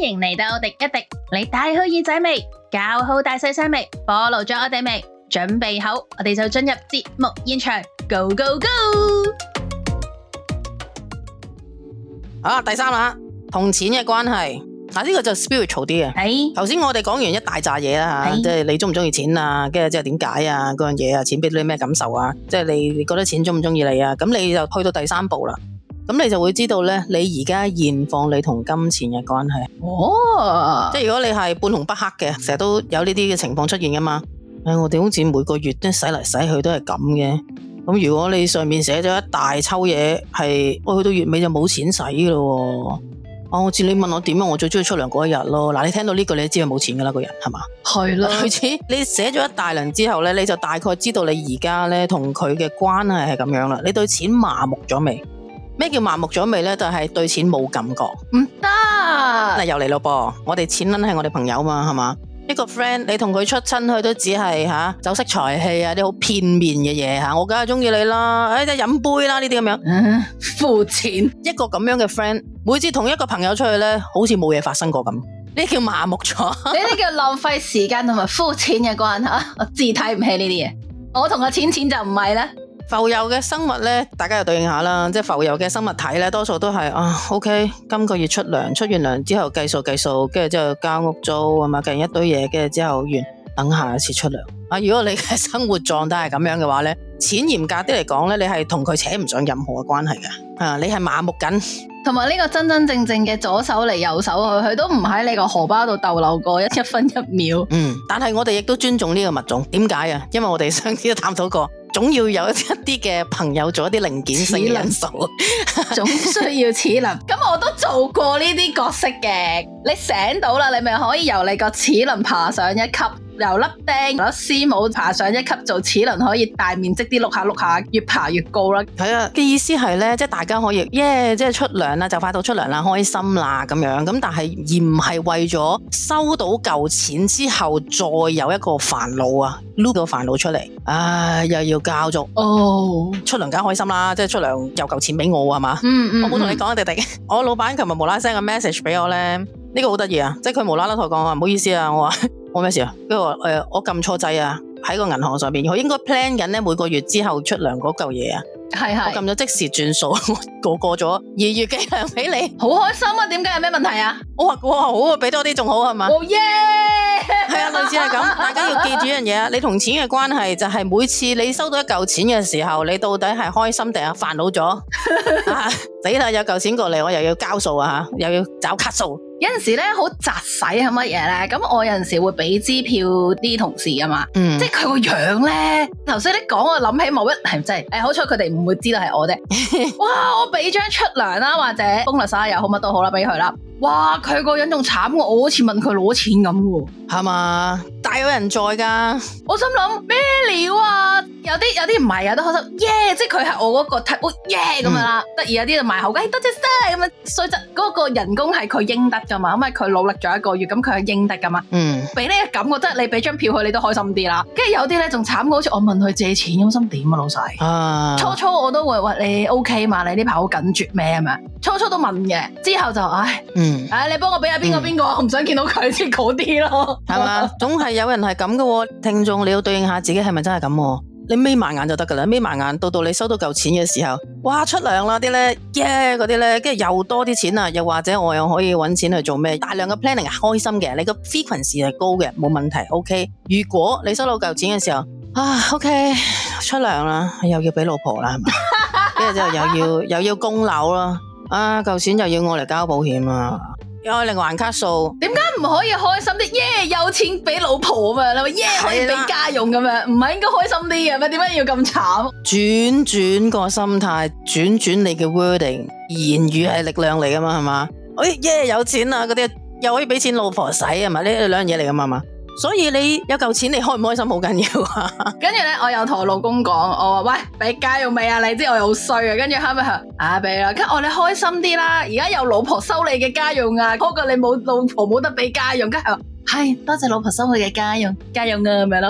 歡迎嚟到廸一廸，你帶好耳仔未？搞好大細聲未？暴露咗我哋未？準備好，我哋就進入節目現場，Go Go Go！啊，第三啦，同錢嘅關係，嗱呢個就 spiritual 啲嘅。係頭先我哋講完一大扎嘢啦吓，即係你中唔中意錢啊？跟住即係點解啊？嗰樣嘢啊，錢俾到你咩感受啊？即係你你覺得錢中唔中意你啊？咁你就去到第三步啦。咁你就會知道呢，你而家現況你同金錢嘅關係。哦、oh.，即係如果你係半紅不黑嘅，成日都有呢啲嘅情況出現噶嘛。唉、哎，我哋好似每個月都使嚟使去都係咁嘅。咁如果你上面寫咗一大抽嘢，係我去到月尾就冇錢使、啊、咯。啊，好似你問我點樣，我最中意出糧嗰一日咯。嗱，你聽到呢、這、句、個，你都知佢冇錢噶啦，個人係嘛？係啦。類似的 你寫咗一大輪之後呢，你就大概知道你而家呢同佢嘅關係係咁樣啦。你對錢麻木咗未？咩叫麻木咗未咧？就係對錢冇感覺，唔得行。嗱、啊、又嚟咯噃，我哋錢錢係我哋朋友嘛，係嘛？一個 friend 你同佢出親，佢都只係吓酒色財氣啊啲好片面嘅嘢吓，我梗係中意你啦，哎即係飲杯啦呢啲咁樣，膚、嗯、淺一個咁樣嘅 friend，每次同一個朋友出去咧，好似冇嘢發生過咁，呢啲叫麻木咗，呢 啲叫浪費時間同埋膚淺嘅關係，啊，我自睇唔起呢啲嘢。我同阿錢錢就唔係啦。浮游嘅生物呢，大家就對應下啦，即浮游嘅生物體呢，多數都係啊，OK，今個月出糧，出完糧之後計數計數，跟住之後交屋租，係嘛，計完一堆嘢，跟住之後完，等下一次出糧。啊，如果你嘅生活狀態係咁樣嘅話呢，錢嚴格啲嚟講呢，你係同佢扯唔上任何嘅關係嘅，啊，你係麻木緊，同埋呢個真真正正嘅左手嚟右手去，佢都唔喺你個荷包度逗留過一分一秒。 嗯，但係我哋亦都尊重呢個物種，點解啊？因為我哋上次都探討過。總要有一啲嘅朋友做一啲零件性嘅因素，齒輪 總需要齒輪。咁 我都做過呢啲角色嘅，你醒到啦，你咪可以由你個齒輪爬上一級。由粒釘，螺絲母爬上一級做齒輪，可以大面積啲碌下碌下，下，越爬越高啦。係啊，嘅意思係咧，即係大家可以，耶，即係出糧啦，就快到出糧啦，開心啦咁樣。咁但係而唔係為咗收到舊錢之後再有一個煩惱啊，撈個煩惱出嚟，唉、哎，又要交咗。哦，oh, 出糧梗開心啦，即係出糧又舊錢俾我係嘛。嗯嗯，mm hmm. 我冇同你講啊，迪迪，我老闆琴日無啦啦 send 個 message 俾我咧，呢、這個好得意啊，即係佢無啦啦同我講，唔好意思啊，我話。 我咩事啊？跟住我誒，我撳錯掣啊！喺個銀行上面。我應該 plan 緊咧每個月之後出糧嗰嚿嘢啊。係係是，我撳咗即時轉數，我 過咗二月幾糧俾你，好開心啊！點解有咩問題啊？我話哇，哇好啊，俾多啲仲好係嘛？哦耶！係啊、oh, yeah! 哎，類似係咁， 大家要記住一樣嘢啊！你同錢嘅關係就係每次你收到一嚿錢嘅時候，你到底係開心定係煩惱咗？死啦！有嚿錢過嚟，我又要交數啊又要找卡數。有陣時咧好紮實係乜嘢咧？咁我有陣時會俾支票啲同事啊嘛，嗯、即係佢個樣咧。頭先你講，我諗起某一係真係？係咪哎、好彩佢哋唔會知道係我啫。 哇！我俾張出糧啦、啊，或者封利是又好乜都好啦，俾佢啦。哇！佢個人仲慘喎，我好似問佢攞錢咁喎，係嘛？大有人在噶。我心諗咩料啊？有啲有啲唔係，有啲開心。耶、yeah,！即係佢係我嗰個睇，我耶咁樣啦，得意有啲就買口嘅，多謝晒咁啊。所以就嗰個人工係佢應得噶嘛，咁啊佢努力咗一個月，咁佢係應得噶嘛。嗯。俾呢個感覺，即係你俾張票佢，你都開心啲啦。跟住有啲咧仲慘過，好似我問佢借錢，心點啊老細？啊。啊初初我都會話你 OK 嘛，你呢排好緊絕咩咁樣？係咪初，初初都問嘅，之後就唉。唉唉唉唉唉誒、嗯啊，你幫我俾下邊個邊個，嗯、我唔想見到佢先嗰啲咯吧，係嘛？總係有人係咁噶，聽眾你要對應下自己係咪真係咁、啊？你眯埋眼就得噶啦，眯埋眼到到你收到嚿錢嘅時候，哇，出糧啦啲咧，耶嗰啲咧，跟住又多啲錢啦，又或者我又可以搵錢去做咩？大量嘅 planning 係開心嘅，你個 frequency 係高嘅，冇問題。OK，如果你收到嚿錢嘅時候，啊，OK，出糧啦，又要俾老婆啦，係嘛？跟住之後又要又要供樓啦。啊！夠錢就要我嚟交保險啊，又可以另還卡數。點解唔可以開心啲耶？Yeah, 有錢畀老婆啊嘛，你話、yeah, 耶可以俾家用咁樣，唔係的應該開心啲嘅咩？點解要咁慘？轉轉個心態，轉轉你嘅 wording，言語係力量嚟噶嘛？係嘛？哎耶，有錢啊，嗰啲又可以俾錢老婆使啊嘛？呢兩樣嘢嚟噶嘛？所以你有嚿錢你開唔開心好緊要 很啊！跟住咧，我又同我老公講，我話喂，俾家用未啊？你知我好衰嘅。跟住後屘佢啊俾啊，我你開心啲啦！而家有老婆收你嘅家用啊，不過你冇老婆冇得俾家用，係、哎，多謝老婆收我嘅家用家用啊，咁樣咯，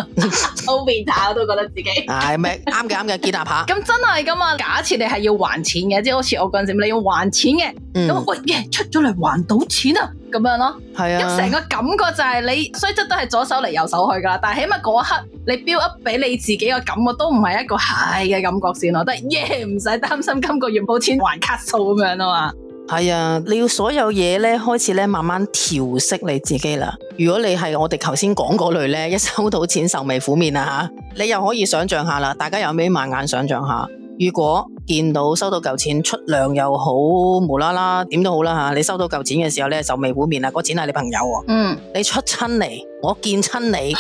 好變態我都覺得自己。 啊，有咩啱嘅啱嘅，接納下。咁真係噶嘛？假設你係要還錢嘅，即係好似我嗰陣時，你要還錢嘅，咁、嗯、喂耶，yeah, 出咗嚟還到錢啊，咁樣咯。係是啊。咁成個感覺就係你，雖則都係左手嚟右手去噶啦，但係起碼嗰一刻，你標一俾你自己個感覺，都唔係一個唉嘅感覺先咯，即係耶唔使擔心今個月冇錢還卡 u 數咁樣啊嘛。係啊，你要所有嘢咧，開始咧慢慢調適你自己啦。如果你係我哋頭先講嗰類咧，一收到錢愁眉苦面啊吓，你又可以想象下啦，大家有咩埋眼想象下？如果見到收到嚿錢出糧又好，無啦啦點都好啦吓，你收到嚿錢嘅時候咧愁眉苦面啊。嗰錢係你朋友喎。嗯，你出親嚟，我見親你，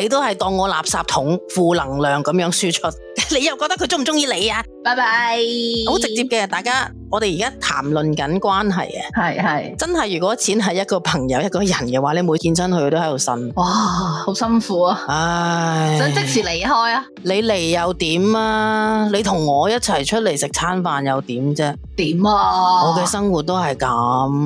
你都係當我垃圾桶、負能量咁樣輸出，你又覺得佢中唔中意你啊？拜拜，好直接嘅，大家。我哋而家談論緊關係啊，係係，真係如果錢係一個朋友一個人嘅話，你每見親佢都喺度呻，哇，好辛苦啊，唉，想即時離開啊，你嚟又點啊？你同我一齊出嚟食餐飯又點啫？點啊？啊我嘅生活都係咁，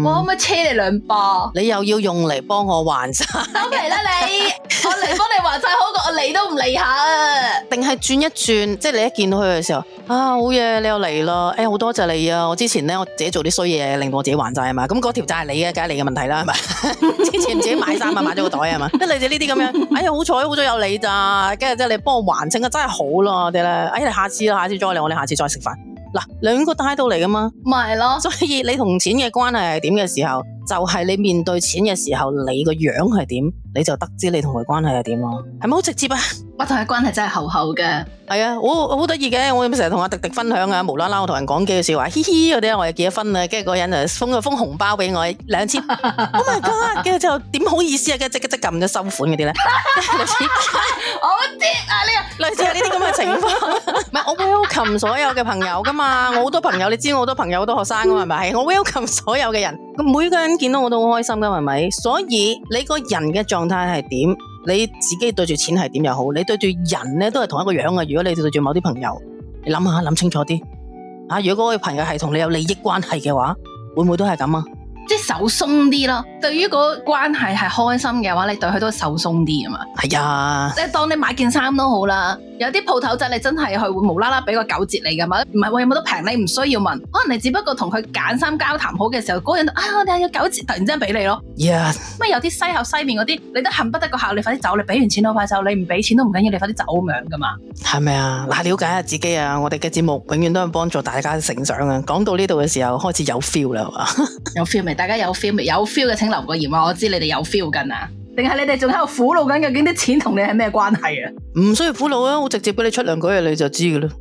我可唔可以車你兩巴？你又要用嚟幫我還曬，收皮啦你！我嚟幫你還曬好過我嚟都唔嚟下啊？定係 轉一轉，即係你一見到佢嘅時候，啊好嘢，你又嚟啦，誒、欸、好多謝你啊！ 之前咧我自己做啲衰嘢，令到我自己還債係嘛，咁嗰條債係你嘅，梗係你嘅問題啦係嘛。 之前自己買衫啊，買咗個袋係嘛，即係你哋呢啲咁樣。哎呀，好彩好彩有你咋，跟住之後你幫我還清啊，真係好咯我哋咧。哎呀，下次啦，下次再嚟，我哋下次再食飯。嗱、啊，兩個帶到嚟噶嘛，咪咯。所以你同錢嘅關係係點嘅時候？就係你面對錢嘅時候，你個樣係點，你就得知你同佢關係係點咯，係咪好直接啊？我同佢關係真係厚厚嘅，係啊，好好得意嘅。我成日同阿廸廸分享啊，無啦啦我同人講幾句說話，嘻嘻嗰啲，我又結咗婚啦，跟住嗰人就封就封紅包俾我，兩千，Oh my god，跟住就後點好意思啊，跟住即刻即撳咗收款嗰啲咧，類似，好啲啊呢，類似係呢啲咁嘅情況。唔係我 welcome 所有嘅朋友噶嘛，我好多朋友，你知我好多朋友好多學生噶嘛係咪？我 welcome 所有嘅人，每個人。見到我都好開心噶，係咪？所以你個人嘅狀態係點，你自己對住錢係點又好，你對住人咧都係同一個樣嘅。如果你對住某啲朋友，你諗下諗清楚啲啊！如果嗰個朋友係同你有利益關係嘅話，會唔會都係咁啊？即係手鬆啲咯。對於個關係係開心嘅話，你對佢都係手鬆啲啊嘛。係啊、哎呀，即係當你買件衫都好啦，有啲鋪頭仔你真係係會無啦啦俾個九折你嘅嘛，唔係話有冇得平，你唔需要問。可能你只不過同佢揀衫交談好嘅時候，嗰個人啊，我哋有九折，突然之間俾你咯。係咩？Yeah. 有啲西口西面嗰啲，你都恨不得個客你快啲走，你俾完錢我快走，你唔俾錢都唔緊要，你快啲走咁樣噶嘛。係咪啊？嗱，了解下自己啊，我哋嘅節目永遠都係幫助大家成長啊。講到呢度嘅時候，開始有 feel 啦， 有 feel 未？大家有 feel 未？有 feel 嘅請。留個言，我知你哋有 feel 緊啊？定係你哋仲喺度苦惱緊？究竟啲錢同你係咩關係啊？唔需要苦惱啊！我直接俾你出糧嗰日你就知噶啦。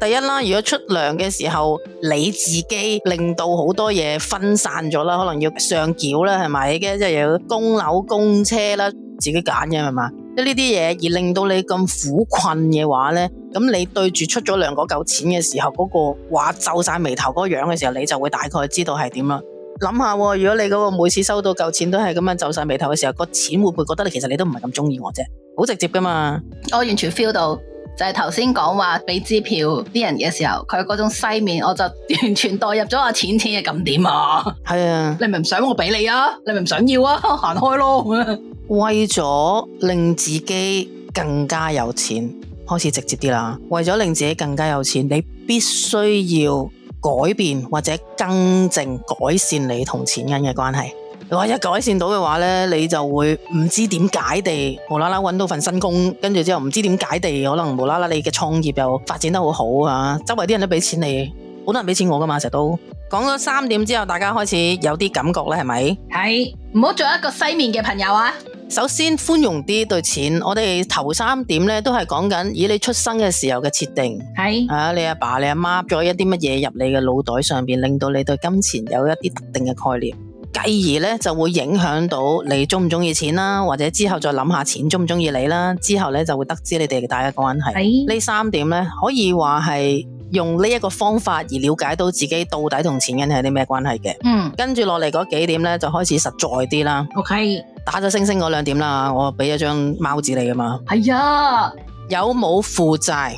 第一啦，如果出糧嘅時候你自己令到好多嘢，分散咗啦，可能要上繳啦，係咪？跟住又要供樓供車啦，自己揀嘅，係嘛？即呢啲嘢而令到你咁苦困嘅話咧，咁你對住出咗糧嗰嚿錢嘅時候，嗰個畫皺晒眉頭嗰個樣嘅時候，你就會大概知道係點啦。諗下，如果你嗰個每次收到嚿錢都係咁樣皺晒眉頭嘅時候，個錢會唔會覺得你其實你都唔係咁中意我啫？好直接噶嘛！我完全 feel 到，就係頭先講話俾支票啲人嘅時候，佢嗰種西面，我就完全代入咗阿錢錢嘅感點啊！係啊！你咪唔想我俾你啊！你咪唔想要啊！行 走開咯！ 為咗令自己更加有錢，開始直接啲啦。為咗令自己更加有錢，你必須要。改變或者更正改善你同錢銀嘅關係，話一改善到嘅話呢，你就會唔知點解地無啦啦揾到份新工，跟住之後唔知點解地可能無啦啦你嘅創業又發展得好好吓，周圍啲人都俾錢你。好多人俾錢我㗎嘛，成日都講咗三點之後，大家開始有啲感覺咧，係咪？係，唔好做一個西面嘅朋友啊！首先寬容啲對錢，我哋頭三點咧都係講緊以你出生嘅時候嘅設定係是啊，你阿爸，爸你阿媽做一啲乜嘢入你嘅腦袋上邊，令到你對金錢有一啲特定嘅概念，繼而咧就會影響到你中唔中意錢啦，或者之後再諗下錢中唔中意你啦，之後咧就會得知你哋大家個關係。呢是三點咧，可以話係。用呢一個方法而了解到自己到底同錢人係啲咩關係嘅。嗯，跟住落嚟嗰幾點呢，就開始實在啲啦。OK，打咗星星嗰兩點啦，我俾咗張貓紙你噶嘛。係啊、哎呀，有冇負債？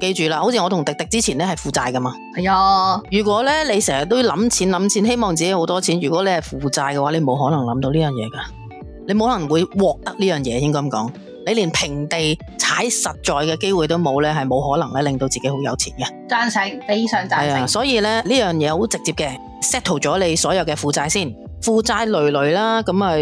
記住啦，好似我同迪迪之前呢係負債噶嘛。係啊、哎呀，如果呢，你成日都諗錢諗錢，希望自己好多錢，如果你係負債嘅話，你冇可能諗到呢樣嘢噶，你冇可能會獲得呢樣嘢應該咁講。你連平地踩實在嘅機會都冇呢係冇可能咧令到自己好有錢嘅。讚成，非常讚成。所以咧呢樣嘢好直接嘅，settle 咗你所有嘅負債先，負債累累啦，咁啊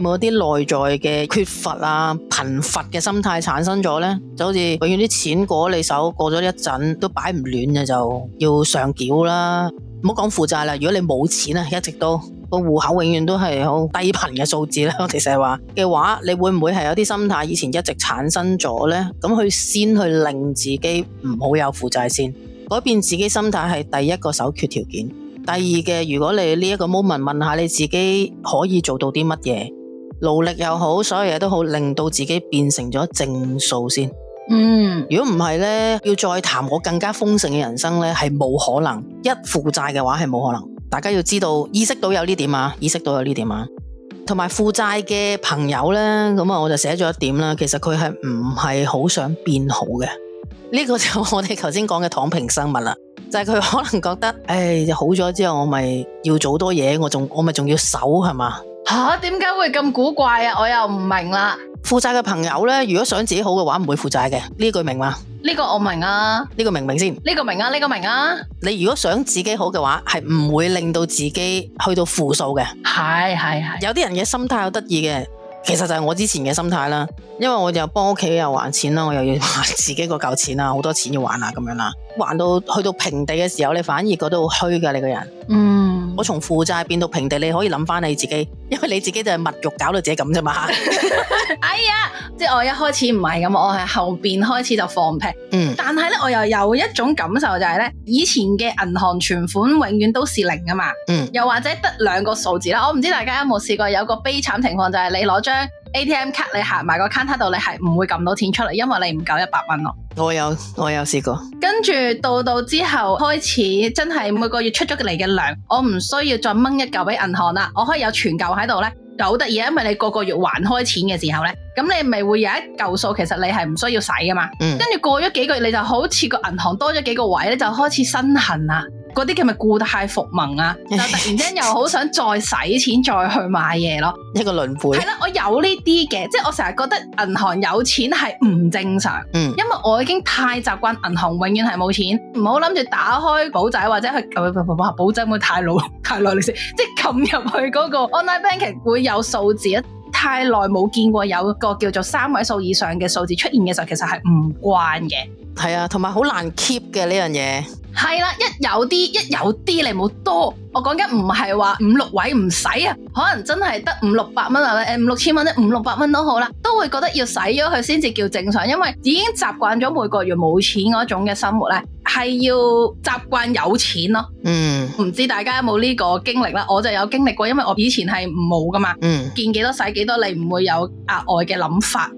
冇啲內在嘅缺乏啊貧乏嘅心態產生咗呢，就好似永遠啲錢過你手，過咗一陣都擺唔暖嘅，就要上繳啦。唔好講負債啦，如果你冇錢啊，一直都個戶口永遠都係好低頻嘅數字啦，我哋成日係話嘅話，你會唔會係有啲心態以前一直產生咗咧？咁去先去令自己唔好有負債先，改變自己心態係第一個首決條件。第二嘅，如果你呢一個 moment 問下你自己可以做到啲乜嘢，努力又好，所有嘢都好，令到自己變成咗正數先。嗯，如果唔係呢，要再談我更加豐盛嘅人生呢，係冇可能。一負債嘅話係冇可能。大家要知道，意識到有呢點啊，意識到有呢點啊。同埋負債嘅朋友呢，咁啊，我就寫咗一點啦。其實佢係唔係好想變好嘅？呢、這個就我哋頭先講嘅躺平生物啦。就係、是、佢可能覺得，誒、哎，好咗之後，我咪要做多嘢，我仲我咪仲要守係嘛？吓，點解、啊、會咁古怪啊？我又唔明啦。負債嘅朋友呢，如果想自己好嘅話，唔會負債嘅。呢句明嘛？呢個我明啊，呢個明唔明先？呢個明啊，呢個明啊。你如果想自己好嘅話，係唔會令到自己去到負數嘅。係係係。有啲人嘅心態好得意嘅，其實就係我之前嘅心態啦。因為我又幫屋企又還錢啦，我又要還自己個舊錢啊，好多錢要還啊，咁樣啦。還到去到平地嘅時候，你反而覺得好虛噶，你個人。嗯。我從負債變到平地，你可以諗翻你自己，因為你自己就係物慾搞到自己咁啫嘛。哎呀，即係我一開始唔係咁，我係後邊開始就放平。嗯，但係咧，我又有一種感受就係咧，以前嘅銀行存款永遠都是零啊嘛。嗯，又或者得兩個數字啦。我唔知大家有冇試過有個悲慘情況，就係你攞張 ATM 卡，你行埋個卡度，你係唔會撳到錢出嚟，因為你唔夠一百蚊咯。我有我有試過，跟住到到之後開始真係每個月出咗嚟嘅糧，我唔需要再掹一嚿俾銀行啦，我可以有存嚿喺度咧，就好得意，因為你個個月還開錢嘅時候咧，咁你咪會有一嚿數，其實你係唔需要使噶嘛，跟住、嗯、過咗幾個月，你就好似個銀行多咗幾個位咧，就開始身痕啦。嗰啲係咪故態復萌啊？又突然間又好想再使錢，再去買嘢咯， 一個輪回係啦。我有呢啲嘅，即係我成日覺得銀行有錢係唔正常。嗯，因為我已經太習慣銀行永遠係冇錢，唔好諗住打開保仔或者去誒誒誒誒保仔會太老太耐你先，即係撳入去嗰、嗰個 online banking 會有數字。太耐冇見過有個叫做三位數以上嘅數字出現嘅時候，其實係唔慣嘅。係啊，同埋好難 keep 嘅呢樣嘢。係啦，一有啲一有啲你冇多，我講緊唔係話五六位唔使啊，可能真係得五六百蚊啊，誒、呃、五六千蚊咧，五六百蚊都好啦、啊，都會覺得要使咗佢先至叫正常，因為已經習慣咗每個月冇錢嗰種嘅生活咧，係要習慣有錢咯。嗯，唔知大家有冇呢個經歷啦，我就有經歷過，因為我以前係唔冇噶嘛。嗯，見幾多使幾多，你唔會有額外嘅諗法。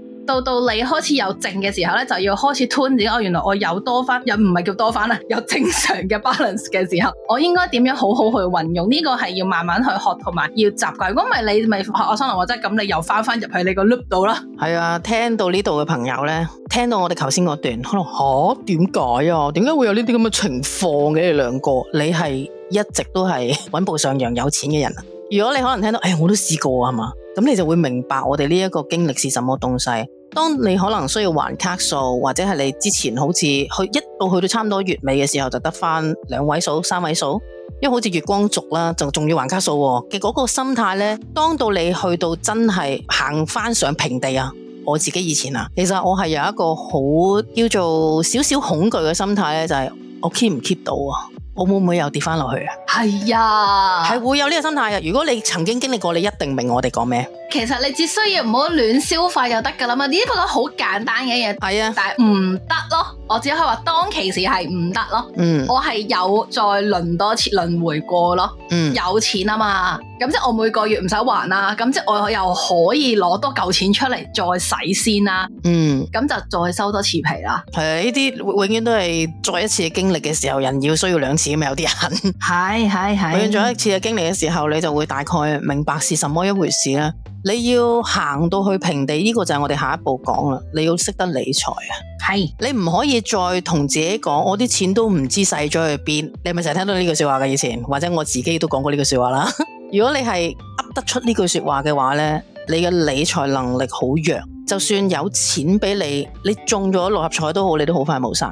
到到你開始有剩嘅時候咧，就要開始 turn。我、哦，原來我有多返，又唔係叫多返啦，有正常嘅 balance 嘅時候，我應該點樣好好去運用？呢、這個係要慢慢去學同埋要習慣。如果唔係你咪，阿生龍，話齋咁，你又返返入去你個 loop 度啦。係啊，聽到呢度嘅朋友咧，聽到我哋頭先嗰段，可能吓點解啊？點解、啊、會有呢啲咁嘅情況嘅？你兩個，你係一直都係穩步上揚、有錢嘅人啊？如果你可能聽到，哎，我都試過啊，係嘛？咁你就會明白我哋呢一個經歷是什麼東西。當你可能需要還卡數，或者係你之前好似去一到去到差唔多月尾嘅時候，就得翻兩位數、三位數，因為好似月光族啦、啊，就仲要還卡數嘅嗰個心態呢，當到你去到真係行翻上平地啊，我自己以前啊，其實我係有一個好叫做少少恐懼嘅心態呢，就係、是、我 keep 唔 keep 到啊。我會唔會又跌翻落去啊？係啊，係會有呢個心態啊。如果你曾經經歷過，你一定明我哋講咩。其實你只需要唔好亂消費就得㗎啦嘛，呢個都好簡單嘅嘢。係啊，但係唔得咯。我只可以話當其時係唔得咯。嗯，我係有再輪多次輪迴過咯。嗯，有錢啊嘛，咁即係我每個月唔使還啦，咁即係我又可以攞多嚿錢出嚟再洗先啦。嗯，咁就再收多次皮啦。係啊、嗯，呢啲永遠都係再一次經歷嘅時候，人要需要兩次。有啲人係係係。我用咗一次嘅經歷嘅時候，你就會大概明白是什麼一回事啦，啊。你要行到去平地，呢，呢個就係我哋下一步講啦。你要識得理財啊，係是你唔可以再同自己講，我啲錢都唔知使咗去邊。你咪成日聽到呢句說話嘅以前，或者我自己都講過呢句說話啦？ 如果你係噏得出呢句說話嘅話呢，你嘅理財能力好弱。就算有錢俾你，你中咗六合彩都好，你都好快冇晒。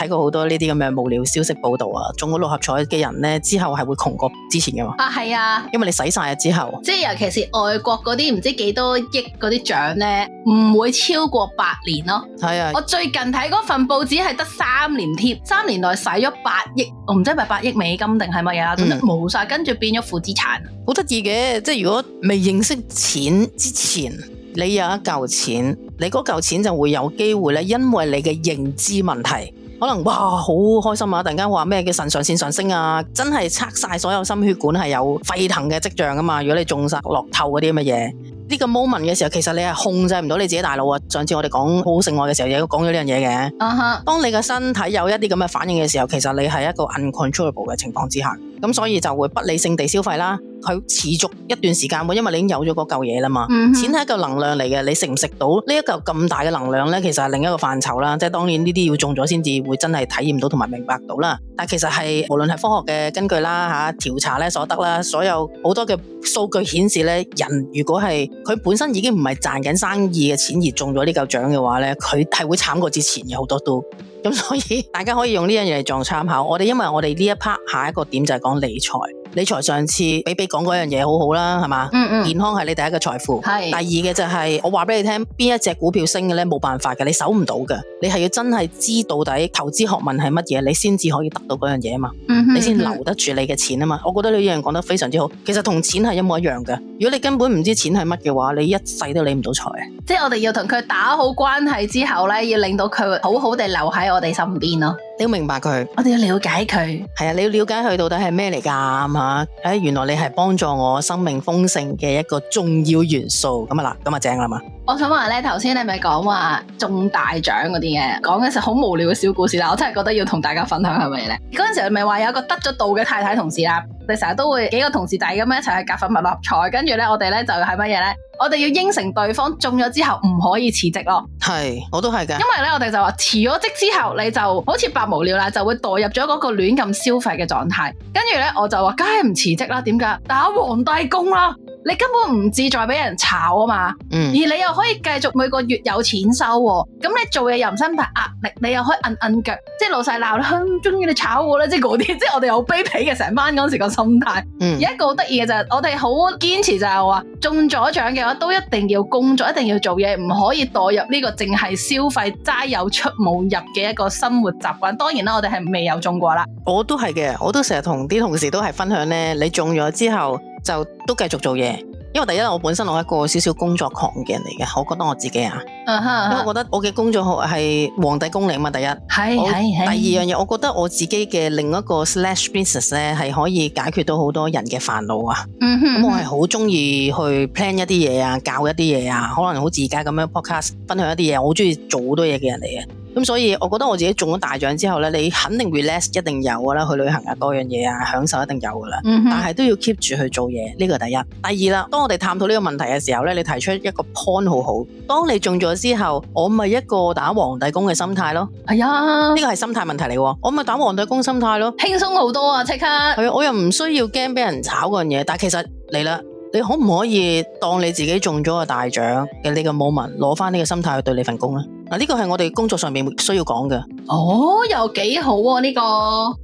睇過好多呢啲咁嘅無聊消息報道啊，中咗六合彩嘅人呢，之後係會窮過之前噶嘛？啊，係啊，因為你使晒之後，即係尤其是外國嗰啲唔知幾多億嗰啲獎呢，唔會超過八年咯。係啊，我最近睇嗰份報紙係得三年貼，三年內使咗八億，我唔知係咪八億美金定係乜嘢？冇晒，嗯、跟住變咗負資產。好得意嘅，即係如果未認識錢之前，你有一嚿錢，你嗰嚿錢就會有機會呢，因為你嘅認知問題。可能哇好開心啊！突然間話咩叫腎上腺上升啊，真係測晒所有心血管係有沸騰嘅跡象㗎嘛！如果你中晒樂透嗰啲乜嘢。呢個 moment 嘅時候，其實你係控制唔到你自己大腦啊！上次我哋講好性愛嘅時候，亦都講咗呢樣嘢嘅。啊、uh huh. 當你嘅身體有一啲咁嘅反應嘅時候，其實你係一個 uncontrollable 嘅情況之下，咁所以就會不理性地消費啦。佢持續一段時間喎，因為你已經有咗嗰嚿嘢啦嘛。Uh huh. 錢係一嚿能量嚟嘅，你食唔食到呢一嚿咁大嘅能量咧，其實係另一個範疇啦。即係當然呢啲要中咗先至會真係體驗到同埋明白到啦。但其實係無論係科學嘅根據啦嚇調查咧所得啦，所有好多嘅數據顯示咧，人如果係佢本身已經唔係賺緊生意嘅錢而中咗呢嚿獎嘅話咧，佢係會慘過之前有好多都。咁所以大家可以用呢樣嘢嚟做參考。我哋因為我哋呢一 part 下一個點就係講理財。理財上次比比講嗰樣嘢好好啦，係嘛？嗯嗯。健康係你第一個財富，是第二嘅就係、是、我話俾你聽，邊一隻股票升嘅呢？冇辦法嘅，你守唔到嘅。你係要真係知到底投資學問係乜嘢，你先至可以得到嗰樣嘢啊嘛。嗯哼嗯哼。你先留得住你嘅錢啊嘛。我覺得你呢樣講得非常之好。其實同錢係一模一樣嘅。如果你根本唔知錢係乜嘅話，你一世都理唔到財。即係我哋要同佢打好關係之後呢，要令到佢好好地留喺。我哋身邊咯，你要明白佢，我哋要了解佢。係啊，你要了解佢到底係咩嚟噶？咁啊？誒，原來你係幫助我生命豐盛嘅一個重要元素咁啊啦，咁啊正啦嘛。我想話咧，頭先你咪講話中大獎嗰啲嘅，講嘅係好無聊嘅小故事，但我真係覺得要同大家分享係咪咧？嗰陣時咪話有一個得咗道嘅太太同事啦，我哋成日都會幾個同事仔係咁樣一齊去夾份買六合彩，跟住咧，我哋咧就係乜嘢咧？我哋要應承對方，中咗之後唔可以辭職咯，係，我都係嘅。因為呢，我哋就話辭咗職之後，你就好似白無聊啦，就會墮入咗嗰個亂咁消費嘅狀態。跟住呢，我就話梗係唔辭職啦，點解？打皇帝工啦！你根本唔自在俾人炒啊嘛，嗯、而你又可以繼續每個月有錢收，哦，咁你做嘢又唔使壓力，你又可以摁摁腳，即係老細鬧你，哼、嗯，中意你炒我咧，即係嗰啲，即係我哋好卑鄙嘅成班嗰時個心態。嗯、而一個好得意嘅就係、是、我哋好堅持就係話中咗獎嘅話都一定要工作，一定要做嘢，唔可以墮入呢個淨係消費齋有出冇入嘅一個生活習慣。當然啦，我哋係未有中過啦。我都係嘅，我都成日同啲同事都係分享咧，你中咗之後。就都繼續做嘢，因為第一我本身我係一個少少工作狂嘅人嚟嘅，我覺得我自己啊，uh huh. 因為我覺得我嘅工作係皇帝工嚟嘛，第一係第二樣嘢，我覺得我自己嘅另一個 slash business 咧，係可以解決到好多人嘅煩惱啊。咁我係好中意去 plan 一啲嘢啊，搞一啲嘢啊，可能好似而家咁樣 podcast 分享一啲嘢，我好中意做好多嘢嘅人嚟嘅。咁所以，我覺得我自己中咗大獎之後咧，你肯定 relax 一定有噶啦，去旅行啊，嗰樣嘢啊，享受一定有噶啦。嗯、哼但係都要 keep 住去做嘢，呢個第一。第二啦，當我哋探討呢個問題嘅時候咧，你提出一個 point 好好。當你中咗之後，我咪一個打皇帝工嘅心態咯。係啊、哎呀，呢個係心態問題嚟喎，我咪打皇帝工心態咯，輕鬆好多啊，即刻。係我又唔需要驚俾人炒嗰樣嘢。但係其實嚟啦，你可唔可以當你自己中咗個大獎嘅呢個 moment 攞翻呢個心態去對你份工咧？嗱，呢個係我哋工作上面需要講嘅。哦，又幾好啊！呢個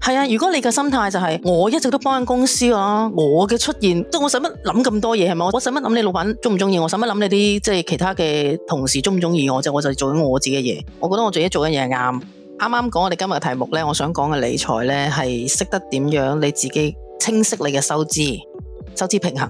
係啊，如果你嘅心態就係，我一直都幫緊公司啊，我嘅出現，即係我使乜諗咁多嘢，係咪？我使乜諗你老闆中唔中意？我使乜諗你啲即係其他嘅同事中唔中意我？就我就做緊我自己嘅嘢。我覺得我自己做緊嘢係啱。啱啱講我哋今日嘅題目咧，我想講嘅理財咧，係識得點樣你自己清晰你嘅收支，收支平衡。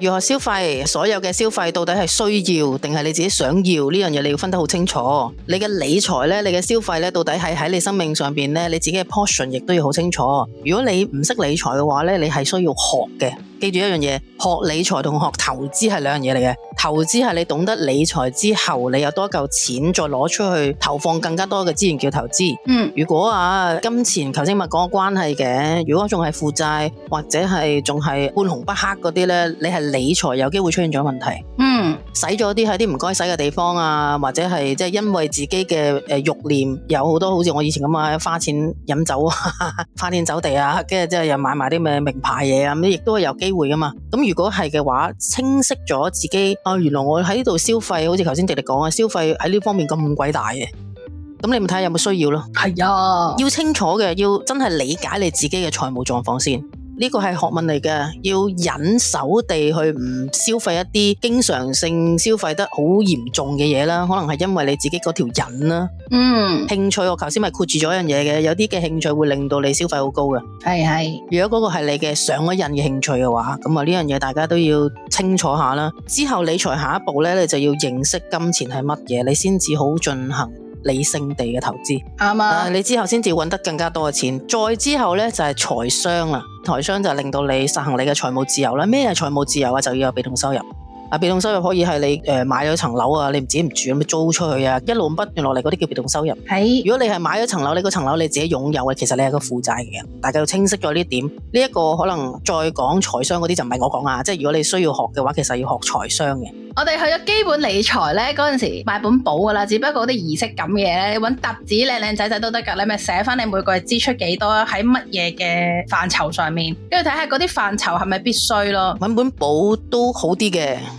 如何消費？所有嘅消費到底係需要定係你自己想要呢樣嘢？你要分得好清楚。你嘅理財呢？你嘅消費呢？到底係喺你生命上面呢？你自己嘅 portion 亦都要好清楚。如果你唔識理財嘅話呢，你係需要學嘅。記住一樣嘢，學理財同學投資係兩樣嘢嚟嘅。投資係你懂得理財之後，你有多嚿錢再攞出去投放更加多嘅資源叫投資。嗯如、啊，如果啊金錢頭先咪講個關係嘅，如果仲係負債或者係仲係半紅不黑嗰啲咧，你係理財有機會出現咗問題。嗯嗯，使咗啲喺啲唔該使嘅地方啊，或者係即係因為自己嘅誒欲念有好多，好似我以前咁啊，花錢飲酒啊，花天酒地啊，跟住即係又買埋啲咩名牌嘢啊，咁亦都係有機會噶嘛。咁如果係嘅話，清晰咗自己，哦，原來我喺呢度消費，好似頭先迪迪講啊，消費喺呢方面咁鬼大嘅。咁你咪睇下有冇需要咯。係啊呀，要清楚嘅，要真係理解你自己嘅財務狀況先。呢個係學問嚟嘅，要忍手地去唔消費一啲經常性消費得好嚴重嘅嘢啦。可能係因為你自己嗰條癮啦。嗯，興趣我頭先咪括住咗一樣嘢嘅，有啲嘅興趣會令到你消費好高嘅。係係是，如果嗰個係你嘅上一癮嘅興趣嘅話，咁啊呢樣嘢大家都要清楚下啦。之後理財下一步咧，你就要認識金錢係乜嘢，你先至好進行理性地嘅投資。啱啊、嗯，uh, 你之後先至揾得更加多嘅錢，再之後咧就係、是、財商啦、啊。台商，就令到你實行你嘅財務自由啦。咩係財務自由啊？就要有被動收入。啊，被動收入可以係你誒、呃、買咗層樓啊，你唔自己唔住，咪租出去啊，一路不斷落嚟嗰啲叫被動收入。係是，如果你係買咗層樓，你嗰層樓你自己擁有嘅，其實你係個負債嘅。大家要清晰咗呢點。呢、這、一個可能再講財商嗰啲就唔係我講啊，即係如果你需要學嘅話，其實要學財商嘅。我哋去咗基本理財呢，嗰陣時買本簿噶啦，只不過啲儀式感嘅嘢，揾沓紙靚靚仔仔都得㗎，你咪寫翻你每個月支出幾多喺乜嘢嘅範疇上面，跟住睇下嗰啲範疇係咪必須咯。揾本簿都好啲嘅。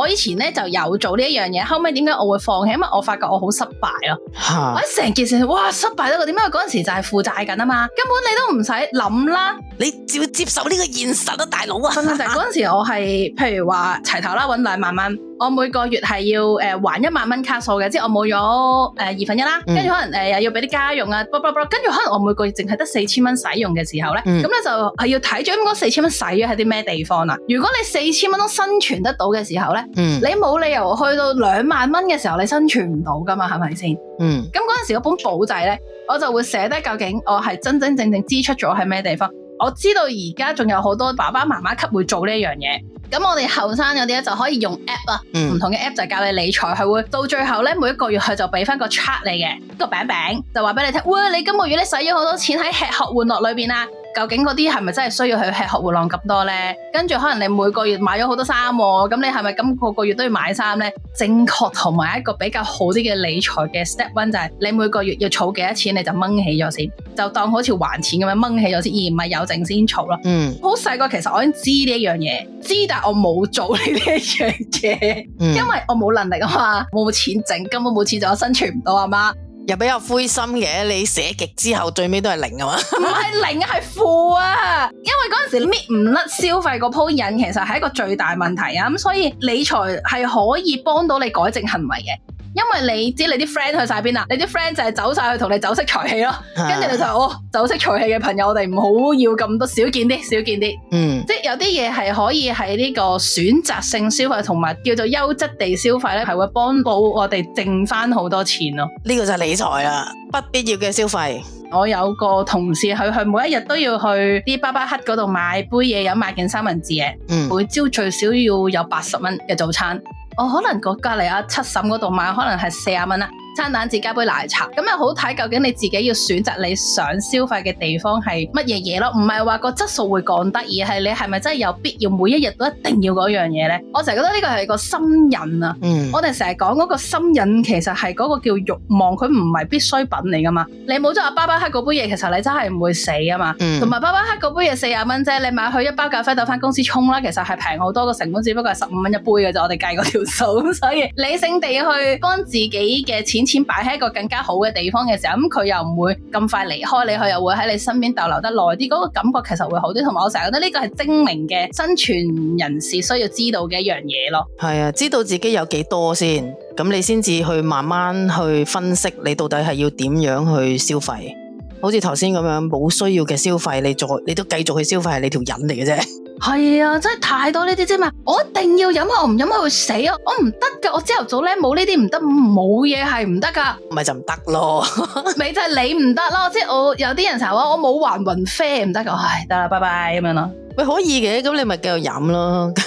我以前咧就有做呢一樣嘢，後尾點解我會放棄？係因為我發覺我好失敗咯、啊，哈 我成件事哇失敗到個點？因嗰陣時就係負債緊啊嘛，根本你都唔使諗啦，你照接受呢個現實啊，大佬啊！事實上嗰陣時我係譬如話齊頭啦，搵兩萬蚊，我每個月係要誒、呃、還一萬蚊卡數嘅，即係我冇咗誒二分一啦，跟住、嗯、可能誒又、呃、要俾啲家用啊，啵啵啵，跟住可能我每個月淨係得四千蚊使用嘅時候咧，咁咧、嗯、就係要睇咗咁嗰四千蚊使咗喺啲咩地方啦、啊。如果你四千蚊都生存得到嘅時候咧，嗯，你冇理由去到兩萬蚊嘅時候，你生存唔到噶嘛，係咪先？嗯，咁嗰陣時嗰本簿仔咧，我就會寫得究竟我係真真正正支出咗喺咩地方。我知道而家仲有好多爸爸媽媽級會做呢樣嘢，咁我哋後生嗰啲咧就可以用 app 啊、嗯，唔同嘅 app 就教你理財，佢會到最後咧，每一個月佢就俾翻個 chart 你嘅，個餅餅就話俾你聽，喂，你今個月你使咗好多錢喺吃喝玩樂裏邊啊。究竟嗰啲係咪真係需要去吃喝活浪咁多呢？跟住可能你每個月買咗好多衫，啊，咁你係咪咁個個月都要買衫呢？正確同埋一個比較好啲嘅理財嘅 step one 就係你每個月要儲幾多錢你就掹起咗先，就當好似還錢咁樣掹起咗先，而唔係有剩先儲咯。嗯，好細個其實我已經知呢一樣嘢，知但係我冇做呢一樣嘢，因為我冇能力啊嘛，冇錢整，根本冇錢就生存唔到啊嘛。嗯又比較灰心嘅，你寫極之後最尾都係零噶嘛？唔 係零，係負啊！因為嗰陣時搣唔甩消費嗰鋪癮，其實係一個最大問題啊！咁所以理財係可以幫到你改正行為嘅。因為你知你啲 friend 去晒邊啦，你啲 friend 就係走晒去同你走色財氣咯，跟住你就係哦，走色財氣嘅朋友，我哋唔好要咁多，少見啲，少見啲。嗯，即係有啲嘢係可以喺呢個選擇性消費同埋叫做優質地消費咧，係會幫到我哋剩翻好多錢咯。呢個就係理財啦，不必要嘅消費。我有個同事佢去每一日都要去啲巴巴克嗰度買杯嘢飲，買件三文治嘅，嗯、每朝最少要有八十蚊嘅早餐。我可能個隔離阿七嬸嗰度買，可能係四十蚊餐蛋治加杯奶茶，咁咪好睇究竟你自己要選擇你想消費嘅地方係乜嘢嘢咯？唔係話個質素會降低，而係你係咪真係有必要每一日都一定要嗰樣嘢呢？我成日覺得呢個係個心癮啊！嗯、我哋成日講嗰個心癮，其實係嗰個叫慾望，佢唔係必需品嚟噶嘛。你冇咗阿巴巴克嗰杯嘢，其實你真係唔會死啊嘛。同埋巴巴克嗰杯嘢四十蚊啫，你買去一包咖啡豆返公司沖啦，其實係平好多個成本，只不過係十五蚊一杯嘅啫。我哋計嗰條數，所以理性地去幫自己嘅錢。錢擺喺一個更加好嘅地方嘅時候，咁佢又唔會咁快離開你，佢又會喺你身邊逗留得耐啲，嗰個感覺其實會好啲。同埋我成日覺得呢個係精明嘅生存人士需要知道嘅一樣嘢咯。係啊，知道自己有幾多先，咁你先至去慢慢去分析，你到底係要點樣去消費。好似頭先咁樣冇需要嘅消費，你再你都繼續去消費，係你條癮嚟嘅啫。係啊，真係太多呢啲啫嘛！我一定要飲啊，我唔飲我會死啊！我唔得噶，我朝頭早咧冇呢啲唔得，冇嘢係唔得噶。唔係就唔得咯，咪 就係、是、你唔得咯。即係我有啲人成日話我冇還魂啡唔得噶，唉得啦，拜拜咁樣咯。喂，可以嘅，咁你咪繼續飲咯。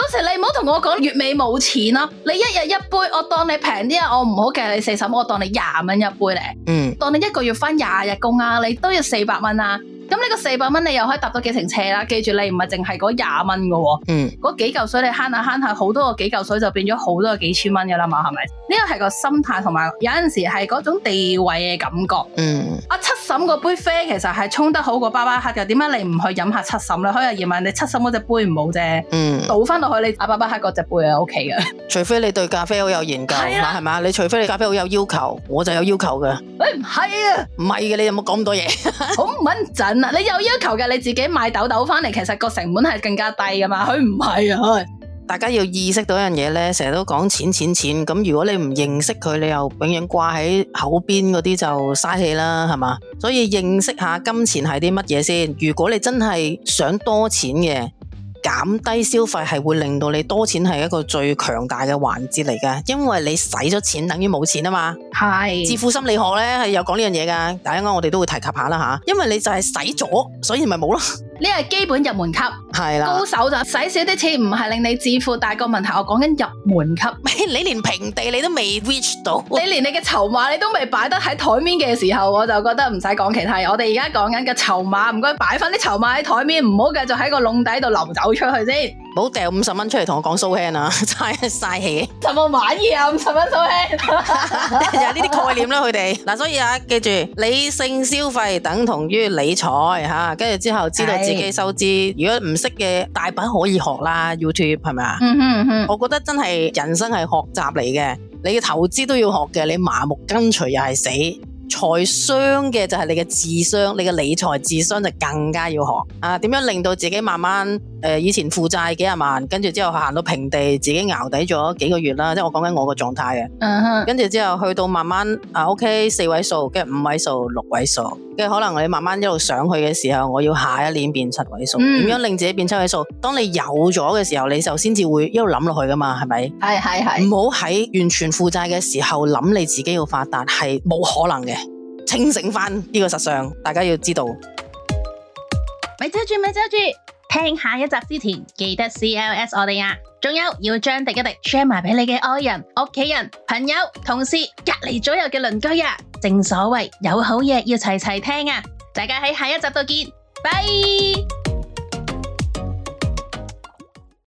到時你唔好同我講月尾冇錢咯，啊。你一日一杯，我當你平啲啊，我唔好計、就是、你四十蚊，我當你廿蚊一杯咧。嗯，當你一個月返廿日工啊，你都要四百蚊啊。咁呢個四百蚊你又可以搭到幾程車啦！記住，你唔係淨係嗰廿蚊嘅喎，嗰幾嚿水你慳下慳下，好多個幾嚿水就變咗好多個幾千蚊嘅啦嘛，係咪？呢個係個心態同埋有陣時係嗰種地位嘅感覺。阿七嬸嗰杯啡其實係沖得好過巴巴克，又點解你唔去飲下七嬸咧？可以夜晚你七嬸嗰隻杯唔好啫，倒翻落去你阿巴巴克嗰隻杯係 OK 嘅。除非你對咖啡好有研究啦，係嘛？你除非你咖啡好有要求，我就有要求嘅。誒，唔係啊，唔係嘅，你有冇講咁多嘢？好穩陣。嗱，你有要求嘅，你自己買豆豆翻嚟，其實個成本係更加低噶嘛，佢唔係啊，大家要意識到一樣嘢咧，成日都講錢錢錢，咁如果你唔認識佢，你又永遠掛喺口邊嗰啲就嘥氣啦，係嘛，所以認識下金錢係啲乜嘢先，如果你真係想多錢嘅。減低消費係會令到你多錢，係一個最強大嘅環節嚟㗎，因為你使咗錢等於冇錢啊嘛。係是，致富心理學咧係有講呢樣嘢㗎，但係一啱我哋都會提及下啦，吓，因為你就係使咗，所以咪冇咯。呢係基本入門級，係啦，高手就使少啲錢唔係令你致富，但係，個問題我講緊入門級，你連平地你都未 reach 到，你連你嘅籌碼你都未擺得喺枱面嘅時候，我就覺得唔使講其他嘢。我哋而家講緊嘅籌碼，唔該擺返啲籌碼喺枱面，唔好繼續喺個窿底度流走出去先。冇好掉五十蚊出嚟同我講 show hand 啦，嘥嘥氣。有冇玩嘢啊？五十蚊 show hand 就係呢啲概念啦，啊。佢哋嗱，所以啊，記住理性消費等同於理財吓，跟，啊、住之後知道自己收支。是如果唔識嘅大品可以學啦，YouTube 係咪啊？嗯哼嗯嗯。我覺得真係人生係學習嚟嘅，你嘅投資都要學嘅，你麻木跟隨又係死。財商嘅就係你嘅智商，你嘅理財智商就更加要學啊！點樣令到自己慢慢？誒，以前負債幾廿萬，跟住之後行到平地，自己熬底咗幾個月啦，即係我講緊我個狀態嘅。uh huh. 跟住之後去到慢慢啊，OK，四位數，跟住五位數、六位數，跟住可能你慢慢一路上去嘅時候，我要下一年變七位數。嗯。點樣令自己變七位數？當你有咗嘅時候，你就先至會一路諗落去噶嘛，係咪？係係係。唔好喺完全負債嘅時候諗你自己要發達，係冇可能嘅。清醒翻呢個實相，大家要知道。咪揸住，咪揸住。聽下一集之前，記得 CLS 我哋啊，仲有要將廸一廸 share 埋俾你嘅愛人、屋企人、朋友、同事、隔籬左右嘅鄰居啊！正所謂有好嘢要齊齊聽啊！大家喺下一集度見，拜。